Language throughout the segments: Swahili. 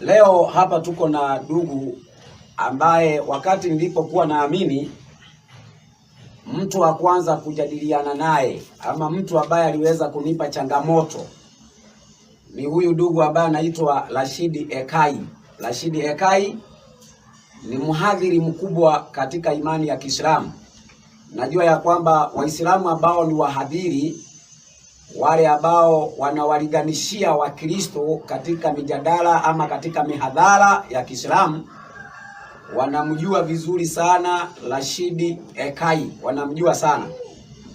Leo hapa tuko na ndugu ambaye wakati nilipokuwa naamini, mtu wa kwanza kujadiliana naye ama mtu ambaye aliweza kunipa changamoto ni huyu ndugu ambaye anaitwa Rashidi Ekai. Rashidi Ekai ni mhadhiri mkubwa katika imani ya Kiislamu. Najua ya kwamba Waislamu ambao ni wahadhiri wale ambao wanawaliganishia Wakristo katika mijadala ama katika mihadhara ya Kiislamu wanamjua vizuri sana Rashidi Ekai, wanamjua sana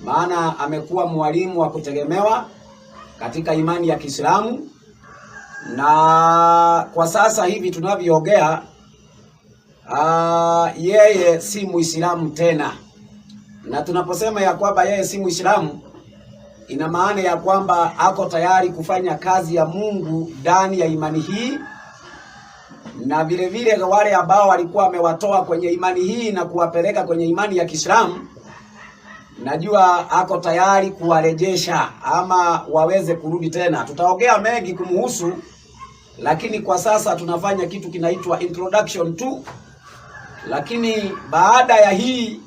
maana amekuwa mwalimu wa kutegemewa katika imani ya Kiislamu, na kwa sasa hivi tunavyoongea, yeye si Muislamu tena, na tunaposema ya kwamba yeye si Muislamu ina maana ya kwamba ako tayari kufanya kazi ya Mungu ndani ya imani hii, na vilevile wale ambao walikuwa amewatoa kwenye imani hii na kuwapeleka kwenye imani ya Kiislamu, najua ako tayari kuwarejesha ama waweze kurudi tena. Tutaongea mengi kumhusu, lakini kwa sasa tunafanya kitu kinaitwa introduction tu, lakini baada ya hii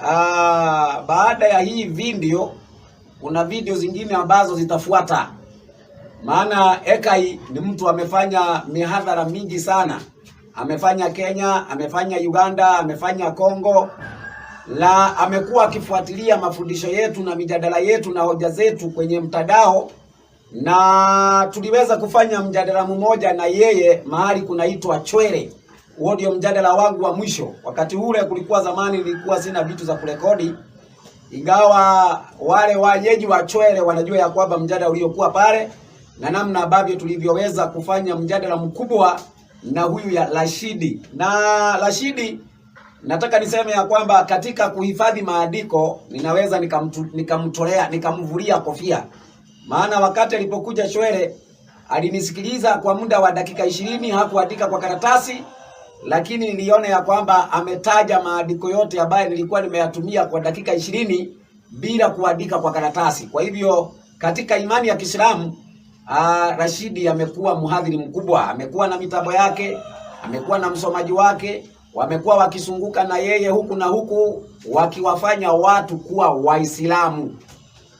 uh, baada ya hii video kuna video zingine ambazo zitafuata, maana ekai ni mtu amefanya mihadhara mingi sana, amefanya Kenya, amefanya Uganda, amefanya Kongo na amekuwa akifuatilia mafundisho yetu na mijadala yetu na hoja zetu kwenye mtandao, na tuliweza kufanya mjadala mmoja na yeye mahali kunaitwa Chwele. Huo ndio mjadala wangu wa mwisho. Wakati ule kulikuwa zamani, nilikuwa sina vitu za kurekodi ingawa wale wajeji wa Chwele wanajua ya kwamba mjadala uliokuwa pale na namna ambavyo tulivyoweza kufanya mjadala mkubwa na huyu ya Rashidi. Na Rashidi, nataka niseme ya kwamba katika kuhifadhi maandiko ninaweza nikamtolea nikamvulia kofia, maana wakati alipokuja Chwele alinisikiliza kwa muda wa dakika ishirini, hakuandika kwa karatasi lakini niliona ya kwamba ametaja maandiko yote ambayo nilikuwa nimeyatumia kwa dakika ishirini bila kuandika kwa karatasi. Kwa hivyo katika imani ya Kiislamu ah, Rashidi amekuwa mhadhiri mkubwa, amekuwa na mitambo yake, amekuwa na msomaji wake, wamekuwa wakisunguka na yeye huku na huku, wakiwafanya watu kuwa Waislamu.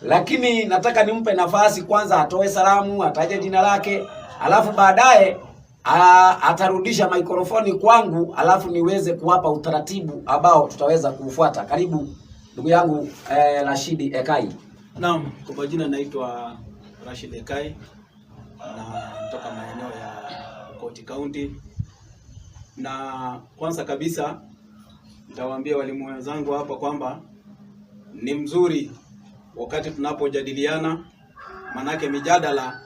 Lakini nataka nimpe nafasi kwanza atoe salamu, ataje jina lake, alafu baadaye atarudisha maikrofoni kwangu alafu niweze kuwapa utaratibu ambao tutaweza kuufuata. Karibu ndugu yangu eh, Rashid Ekai. Naam, kwa majina naitwa Rashid Ekai na kutoka maeneo ya koti County, na kwanza kabisa nitawaambia walimu wenzangu hapa kwamba ni mzuri wakati tunapojadiliana, manake mijadala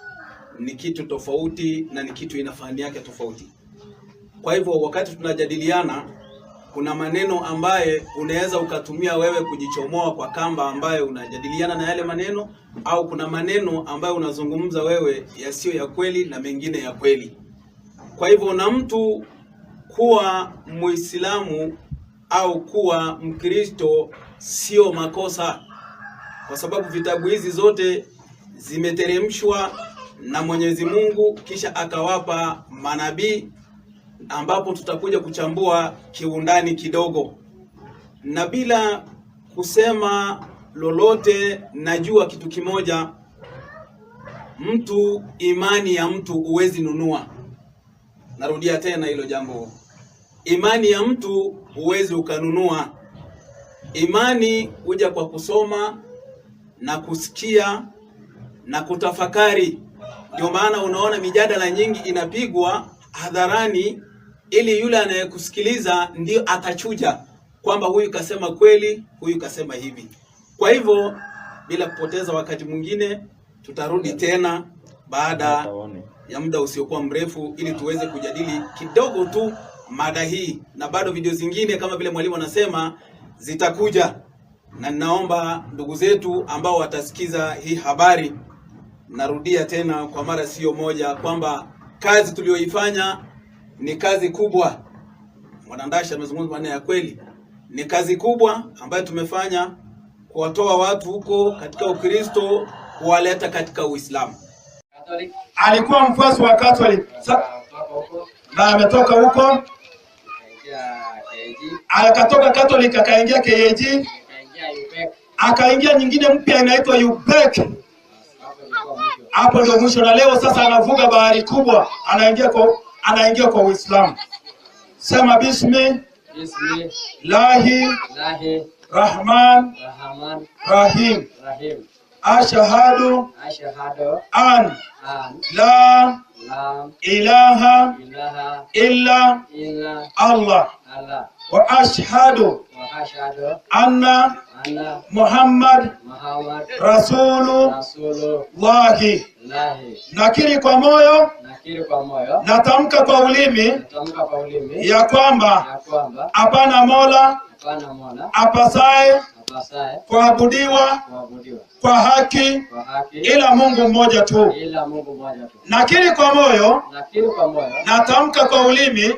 ni kitu tofauti na ni kitu ina fani yake tofauti. Kwa hivyo wakati tunajadiliana, kuna maneno ambaye unaweza ukatumia wewe kujichomoa kwa kamba ambayo unajadiliana na yale maneno, au kuna maneno ambayo unazungumza wewe yasiyo ya kweli na mengine ya kweli. Kwa hivyo na mtu kuwa Muislamu au kuwa Mkristo sio makosa, kwa sababu vitabu hizi zote zimeteremshwa na Mwenyezi Mungu, kisha akawapa manabii, ambapo tutakuja kuchambua kiundani kidogo, na bila kusema lolote, najua kitu kimoja, mtu imani ya mtu huwezi nunua. Narudia tena hilo jambo, imani ya mtu huwezi ukanunua. Imani huja kwa kusoma na kusikia na kutafakari ndio maana unaona mijadala nyingi inapigwa hadharani, ili yule anayekusikiliza ndio atachuja kwamba huyu kasema kweli, huyu kasema hivi. Kwa hivyo bila kupoteza wakati mwingine, tutarudi tena baada ya muda usiokuwa mrefu, ili tuweze kujadili kidogo tu mada hii, na bado video zingine kama vile mwalimu anasema zitakuja, na ninaomba ndugu zetu ambao watasikiza hii habari narudia tena kwa mara siyo moja kwamba kazi tuliyoifanya ni kazi kubwa. Mwanandashi amezungumza maneno ya kweli, ni kazi kubwa ambayo tumefanya kuwatoa watu huko katika Ukristo kuwaleta katika Uislamu. Alikuwa mfuasi wa Catholic na ametoka huko, akatoka Catholic akaingia KAG, e akaingia nyingine mpya inaitwa UPEC hapo ndio mwisho. Na leo sasa anavuga bahari kubwa, anaingia kwa anaingia kwa Uislamu. Sema bismi, bismi lahi, lahi rahman, rahman rahim, rahim ashhadu ashhadu an, la, ilaha, illa, Allah, wa ashhadu anna, Muhammad, rasulullahi rasulu, Nakiri kwa moyo, natamka kwa ulimi, ya kwamba hapana mola, mola apasaye kuabudiwa kwa haki ila Mungu mmoja tu. Nakiri kwa moyo, natamka kwa ulimi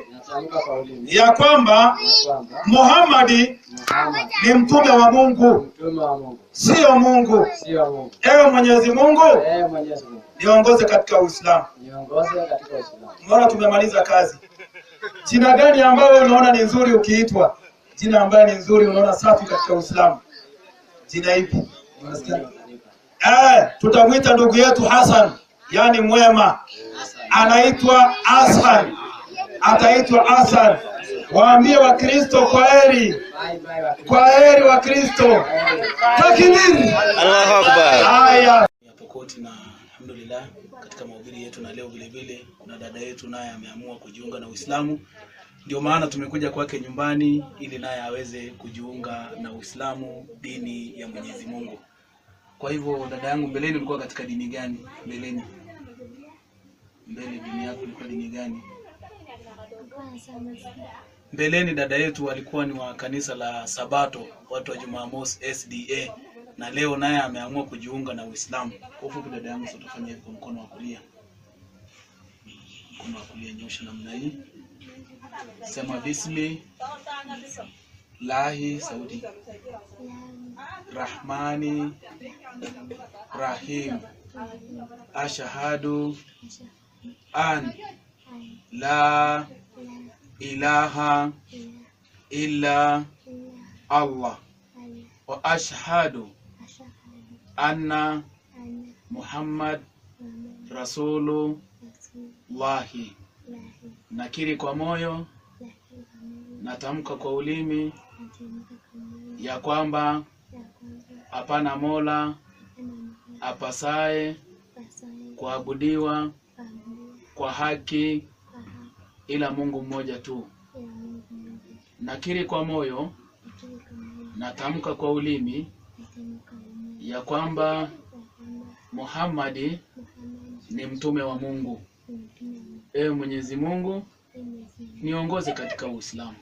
ya kwamba muhammadi ni mtume wa Mungu, sio Mungu. Ewe Mwenyezi Mungu, niongoze katika Uislamu. Mbona tumemaliza kazi? Jina gani ambayo unaona ni nzuri ukiitwa? jina ambayo ni nzuri, unaona safi katika Uislamu. Jina ipi? Eh, tutamwita ndugu yetu Hassan, yani mwema, anaitwa Hassan, ataitwa Hassan. Waambie Wakristo kwa heri, kwa heri Wakristo. Takbir! Allahu Akbar. Haya koti na alhamdulillah, katika mahubiri yetu na leo vile vile kuna dada yetu naye ameamua kujiunga na Uislamu. Ndio maana tumekuja kwake nyumbani ili naye aweze kujiunga na Uislamu, dini ya Mwenyezi Mungu. Kwa hivyo dada yangu, mbeleni ulikuwa katika dini gani? Mbeleni, mbele dini yako ilikuwa dini gani? Mbeleni dada yetu walikuwa ni wa kanisa la Sabato, watu wa Jumamosi SDA, na leo naye ameamua kujiunga na Uislamu. Kwa ufupi dada yangu, sasa utafanya mkono wa kulia, mkono wa kulia nyosha namna hii sema lahi saudi rahmani rahim ashahadu an la ilaha illa allah wa ashahadu anna muhammad rasulu wahi. nakiri kwa moyo, natamka kwa ulimi ya kwamba hapana mola apasaye kuabudiwa kwa haki ila Mungu mmoja tu. Nakiri kwa moyo, natamka kwa ulimi ya kwamba Muhammadi ni mtume wa Mungu. Ewe Mwenyezi Mungu, niongoze katika Uislamu.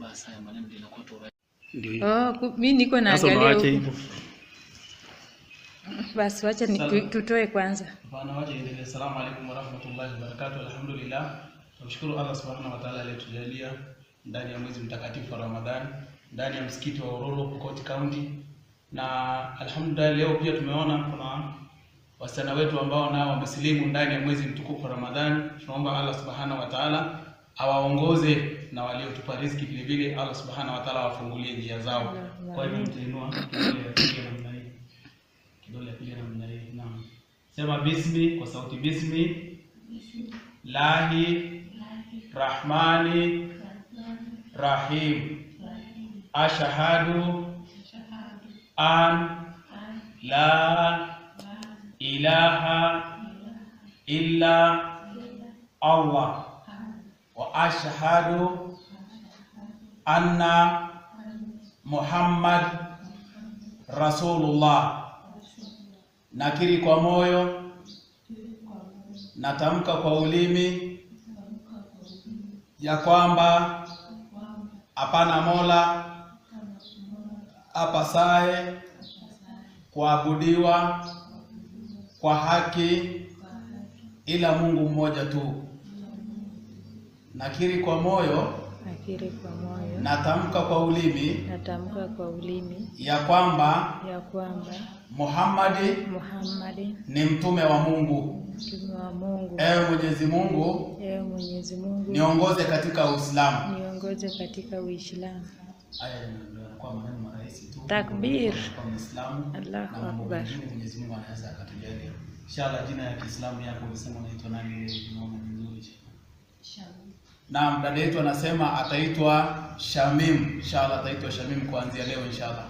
Basi haya maneno ndio inakuwa Oh, mimi niko naangalia basi wacha ni tutoe kwanza. Bwana wacha endelee. Asalamu alaykum warahmatullahi wabarakatuh. Alhamdulillah, Tumshukuru Allah subhanahu wa ta'ala aliyetujalia ndani ya mwezi mtakatifu wa Ramadhani ndani ya msikiti wa Ororo Pokoti County, na alhamdulillah leo pia tumeona kuna wasichana wetu ambao nao wamesilimu ndani ya mwezi mtukufu Ramadhani. Tunaomba Allah subhanahu wa taala awaongoze na waliotupa riziki vile vile, Allah subhanahu wa taala awafungulie njia zao. Kwa hiyo mtainua kidole kidole ya pili namna hii. Naam, sema bismi kwa sauti, bismi lahi rahmani rahim ashahadu an la ilaha illa Allah wa ashhadu anna Muhammad Rasulullah. Nakiri kwa moyo, natamka kwa ulimi ya kwamba hapana mola apasaye kuabudiwa kwa haki ila Mungu mmoja tu. Nakiri kwa moyo, nakiri kwa moyo, natamka kwa ulimi, natamka kwa ulimi ya kwamba, ya kwamba Muhammad Muhammad ni mtume wa Mungu. Mtume wa Mungu. Ewe Mwenyezi Mungu, Ewe Mwenyezi Mungu, niongoze katika Uislamu, niongoze katika Uislamu takbir allahu akbar inshallah jina ya kiislamu yako unasema unaitwa nani ile tunaona vizuri naam dada yetu anasema ataitwa shamim inshallah ataitwa shamim kuanzia leo inshallah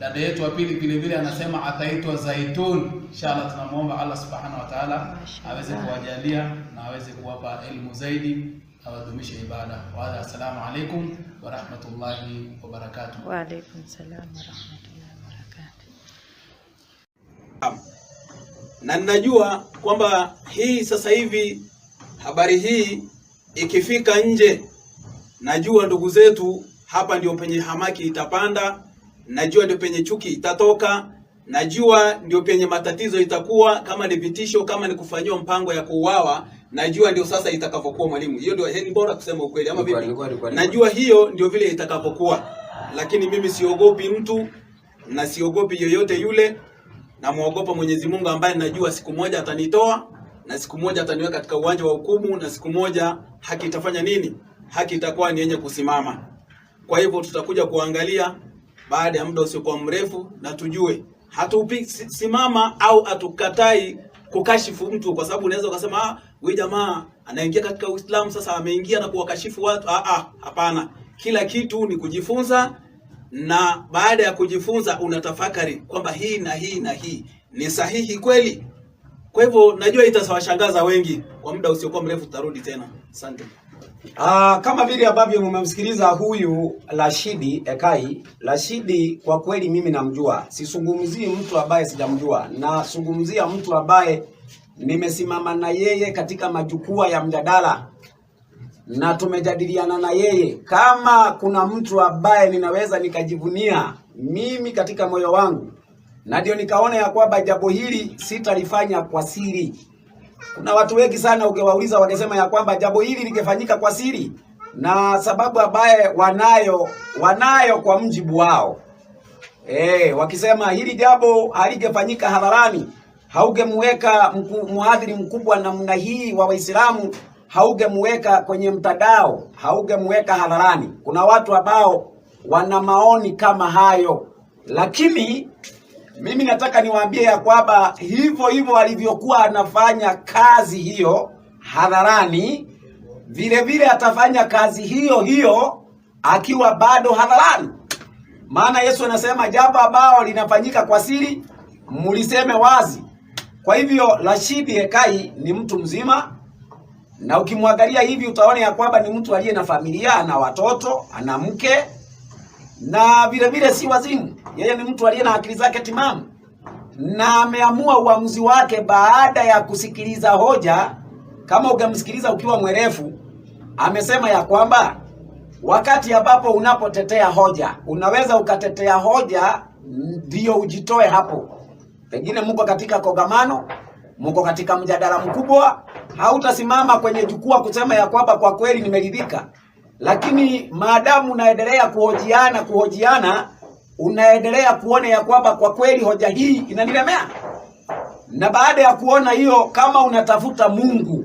dada yetu wa pili vile vile anasema ataitwa zaitun inshallah tunamuomba allah subhanahu wa taala aweze kuwajalia na aweze kuwapa elimu zaidi awadumishe ibada. Waadha, assalamu alaikum warahmatullahi wabarakatuh. Wa alaikum salam warahmatullahi wabarakatuh. Na ninajua kwamba hii sasa hivi habari hii ikifika nje, najua ndugu zetu hapa ndio penye hamaki itapanda, najua ndio penye chuki itatoka, najua ndio penye matatizo itakuwa, kama ni vitisho, kama ni kufanyiwa mpango ya kuuawa najua ndio sasa itakavyokuwa mwalimu. Hiyo ndio ni bora kusema ukweli, ama vipi? Najua hiyo ndio vile itakavyokuwa, lakini mimi siogopi mtu na siogopi yoyote yule, namwogopa Mwenyezi Mungu ambaye najua siku moja atanitoa na siku moja ataniweka katika uwanja wa hukumu, na siku moja haki itafanya nini? Haki itakuwa ni yenye kusimama. Kwa hivyo tutakuja kuangalia baada ya muda usiokuwa mrefu, na tujue hatupi simama au hatukatai kukashifu mtu, kwa sababu unaweza ukasema ah, huyu jamaa anaingia katika Uislamu sasa ameingia na kuwakashifu watu. Ah, ah, hapana, kila kitu ni kujifunza, na baada ya kujifunza unatafakari kwamba hii na hii na hii ni sahihi kweli. Kwa hivyo najua itawashangaza wengi. Kwa muda usiokuwa mrefu tutarudi tena. Asante. Aa, ah, kama vile ambavyo mmemsikiliza huyu Rashidi Ekai. Rashidi kwa kweli mimi namjua, sizungumzii mtu ambaye sijamjua, nazungumzia mtu ambaye nimesimama na yeye katika majukwaa ya mjadala na tumejadiliana na yeye. Kama kuna mtu ambaye ninaweza nikajivunia mimi katika moyo wangu, na ndio nikaona ya kwamba jambo hili sitalifanya kwa siri. Kuna watu wengi sana ukiwauliza, wangesema ya kwamba jambo hili lingefanyika kwa siri, na sababu ambaye wanayo wanayo kwa mjibu wao, eh, wakisema hili jambo haligefanyika hadharani haugemweka mku, mhadhiri mkubwa namna hii wa Waislamu haugemweka kwenye mtandao, haugemweka hadharani. Kuna watu ambao wana maoni kama hayo, lakini mimi nataka niwaambie ya kwamba hivyo hivyo alivyokuwa anafanya kazi hiyo hadharani, vile vile atafanya kazi hiyo hiyo akiwa bado hadharani. Maana Yesu anasema jambo ambao linafanyika kwa siri mliseme wazi, kwa hivyo Rashidi Hekai ni mtu mzima, na ukimwangalia hivi utaona ya kwamba ni mtu aliye na familia, ana watoto, ana mke na vilevile si wazimu. Yeye ni mtu aliye na akili zake timamu na ameamua uamuzi wake baada ya kusikiliza hoja. Kama ugamsikiliza ukiwa mwerefu, amesema ya kwamba wakati ambapo unapotetea hoja, unaweza ukatetea hoja ndiyo ujitoe hapo Pengine mko katika kongamano, mko katika mjadala mkubwa, hautasimama kwenye jukwaa kusema ya kwamba kwa kweli nimeridhika, lakini maadamu unaendelea kuhojiana kuhojiana, unaendelea kuona ya kwamba kwa kweli hoja hii inanilemea. Na baada ya kuona hiyo, kama unatafuta Mungu,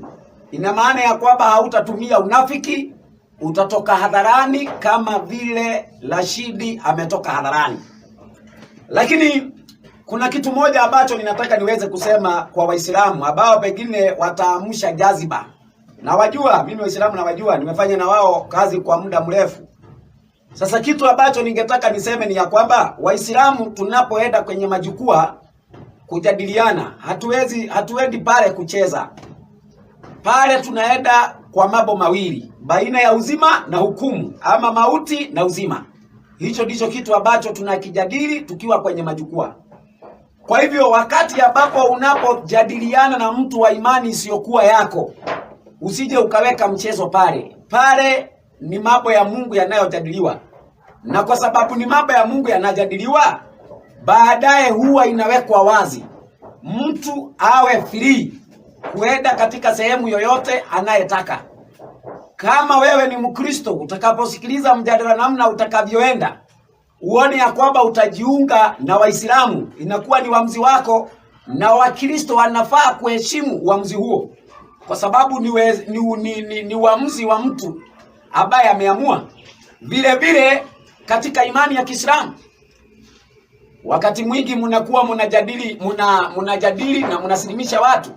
ina maana ya kwamba hautatumia unafiki, utatoka hadharani kama vile Rashidi ametoka hadharani, lakini kuna kitu moja ambacho ninataka niweze kusema kwa Waislamu ambao pengine wataamsha jaziba. Nawajua mimi Waislamu nawajua, nimefanya na wao kazi kwa muda mrefu. Sasa kitu ambacho ningetaka niseme ni ya kwamba Waislamu tunapoenda kwenye majukwaa kujadiliana, hatuwezi hatuendi pale kucheza. Pale tunaenda kwa mambo mawili, baina ya uzima na hukumu, ama mauti na uzima. Hicho ndicho kitu ambacho tunakijadili tukiwa kwenye majukwaa. Kwa hivyo wakati ambapo unapojadiliana na mtu wa imani isiyokuwa yako, usije ukaweka mchezo pale. Pale ni mambo ya Mungu yanayojadiliwa, na kwa sababu ni mambo ya Mungu yanajadiliwa, baadaye huwa inawekwa wazi, mtu awe free kuenda katika sehemu yoyote anayetaka. Kama wewe ni Mkristo, utakaposikiliza mjadala namna utakavyoenda uone ya kwamba utajiunga na Waislamu, inakuwa ni uamuzi wako, na Wakristo wanafaa kuheshimu uamuzi huo, kwa sababu ni uamuzi ni, ni, ni wa mtu ambaye ameamua. Vile vile katika imani ya Kiislamu, wakati mwingi mnakuwa mnajadili muna, mnajadili na mnasilimisha watu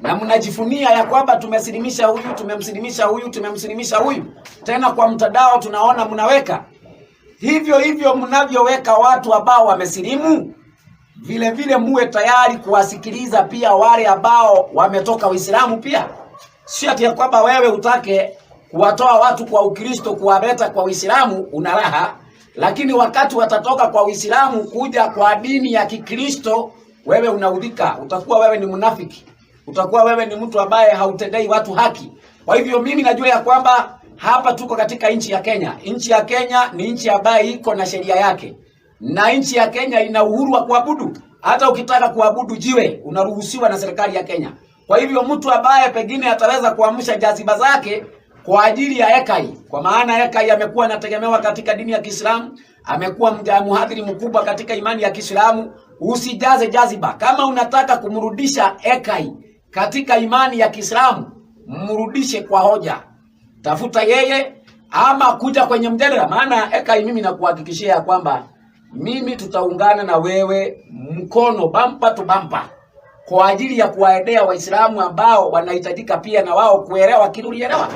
na mnajifunia ya kwamba tumesilimisha huyu tumemsilimisha huyu tumemsilimisha huyu, tena kwa mtandao tunaona mnaweka hivyo hivyo mnavyoweka watu ambao wamesilimu, vile vile muwe tayari kuwasikiliza pia wale ambao wametoka Uislamu pia. si ati kwamba wewe utake kuwatoa watu kwa Ukristo kuwaleta kwa Uislamu una raha, lakini wakati watatoka kwa Uislamu kuja kwa dini ya Kikristo wewe unaudhika, utakuwa wewe ni mnafiki, utakuwa wewe ni mtu ambaye hautendei watu haki. Kwa hivyo mimi najua ya kwamba hapa tuko katika nchi ya Kenya. Nchi ya Kenya ni nchi ambayo iko na sheria yake, na nchi ya Kenya ina uhuru wa kuabudu. Hata ukitaka kuabudu jiwe unaruhusiwa na serikali ya Kenya. Kwa hivyo mtu ambaye pengine ataweza kuamsha jaziba zake kwa ajili ya Hekai, kwa maana Hekai amekuwa anategemewa katika dini ya Kiislamu, amekuwa mhadhiri mkubwa katika imani ya Kiislamu. Usijaze jaziba. Kama unataka kumrudisha Hekai katika imani ya Kiislamu, mrudishe kwa hoja tafuta yeye ama kuja kwenye mjadala, maana Ekai, mimi nakuhakikishia ya kwamba mimi tutaungana na wewe mkono bampa tu bampa kwa ajili ya kuwaendea Waislamu ambao wanahitajika pia na wao kuelewa kidulielewa.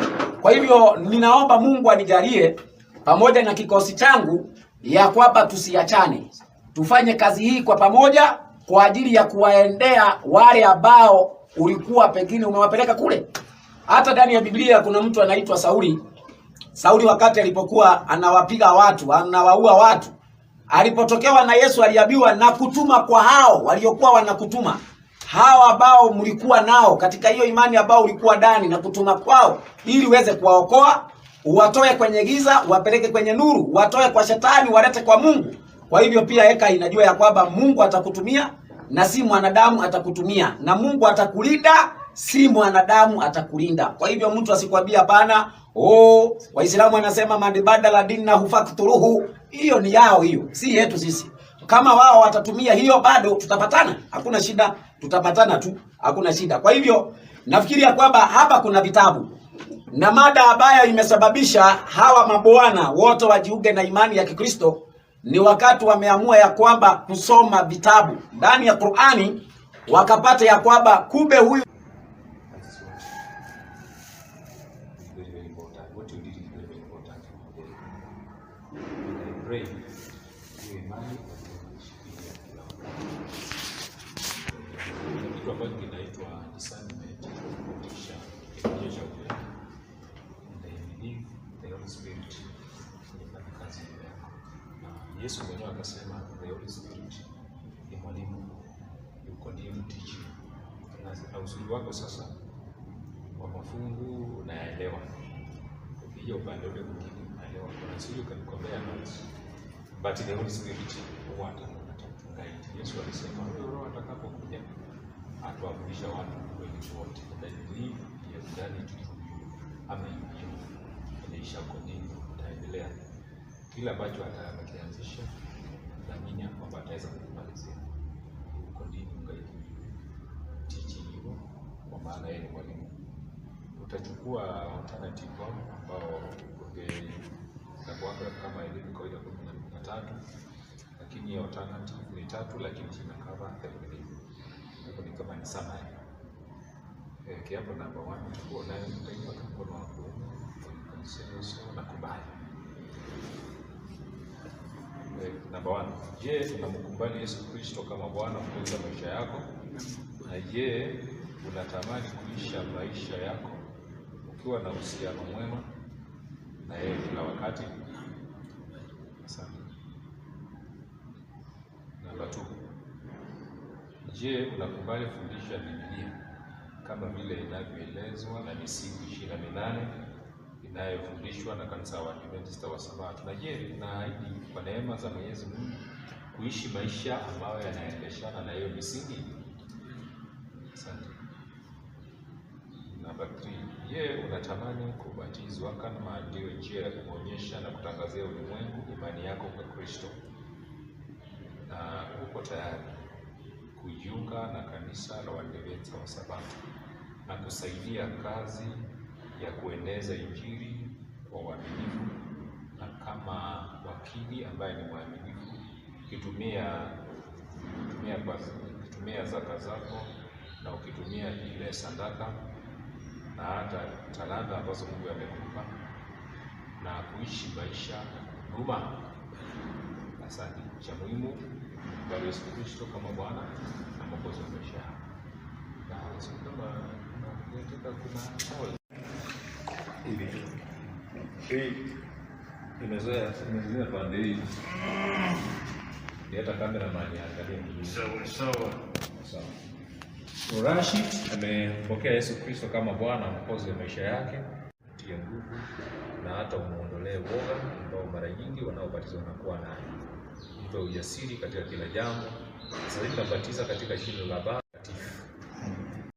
Kwa hivyo ninaomba Mungu anijalie pamoja na kikosi changu ya kwamba tusiachane, tufanye kazi hii kwa pamoja kwa ajili ya kuwaendea wale ambao ulikuwa pengine umewapeleka kule. Hata ndani ya Biblia kuna mtu anaitwa Sauli. Sauli wakati alipokuwa anawapiga watu, anawaua watu, alipotokewa na Yesu aliambiwa na kutuma kwa hao waliokuwa wanakutuma hao ambao mlikuwa nao katika hiyo imani ambao ulikuwa ndani na kutuma kwao ili uweze kuwaokoa, uwatoe kwenye giza, uwapeleke kwenye nuru, uwatoe kwa shetani, walete kwa Mungu. Kwa hivyo pia heka inajua ya kwamba Mungu atakutumia na si mwanadamu atakutumia, na Mungu atakulinda si mwanadamu atakulinda. Kwa hivyo mtu asikwambia hapana, oh, Waislamu wanasema manibadala dinna hufakturuhu. Hiyo ni yao, hiyo si yetu sisi. Kama wao watatumia hiyo, bado tutapatana, hakuna shida, tutapatana tu, hakuna shida. Kwa hivyo nafikiria kwamba hapa kuna vitabu na mada ambayo imesababisha hawa mabwana wote wajiunge na imani ya Kikristo ni wakati wameamua ya kwamba kusoma vitabu ndani ya Qur'ani, wakapata ya kwamba kumbe huyu but Daudi script huwa atatugaidi. Yesu alisema Roho atakapokuja atawafundisha watu kweli wote. done it you. Kila ambacho atakianzisha naamini ya kwamba ataweza kwa maana yeye ni mwalimu. Utachukua alternative ambao kama kawaida tatu, lakini ya alternative ni tatu, lakini cover theluthi. Hapo ni kama ni summary. Eh, kiapo namba 1 tulikuwa nayo mtainua kwa mkono wa kuume kwa consensus na kubali. Eh, namba 1, je, unamkubali Yesu Kristo kama Bwana kuweza maisha yako? Na je, unatamani kuisha maisha yako ukiwa na uhusiano mwema na yeye kila wakati? Je, unakubali fundisho la Biblia kama vile inavyoelezwa na misingi ishirini na minane inayofundishwa na kanisa la Adventista wa Sabato? Na je, unaahidi kwa neema za Mwenyezi Mungu kuishi maisha ambayo yanaendeshana na hiyo misingi? Asante. Namba 3. Je, unatamani kubatizwa kama ndiyo njia ya kuonyesha na kutangazia ulimwengu imani yako kwa Kristo? Na uko tayari kujiunga na Kanisa la Waadventista wa Sabato na kusaidia kazi ya kueneza Injili kwa uaminifu na kama wakili ambaye ni mwaminifu ukitumia ukitumia ukitumia zaka zako na ukitumia ile sadaka na hata talanta ambazo Mungu amekupa na kuishi maisha ya huduma. Asante. Cha muhimu bali Yesu Kristo kama Bwana na Mwokozi wa maisha yako. Na Yesu kama tunataka kuna moyo hivi. Hii imezoea imezoea pande hii. Leta kamera mali angalia. Sawa sawa. Sawa. Rashid amepokea Yesu Kristo kama Bwana mwokozi wa maisha yake, tie nguvu na hata umuondolee woga ambao mara nyingi wanaobatizwa wanakuwa nayo tuwe ujasiri katika kila jambo. Sasa hivi katika jina la Baba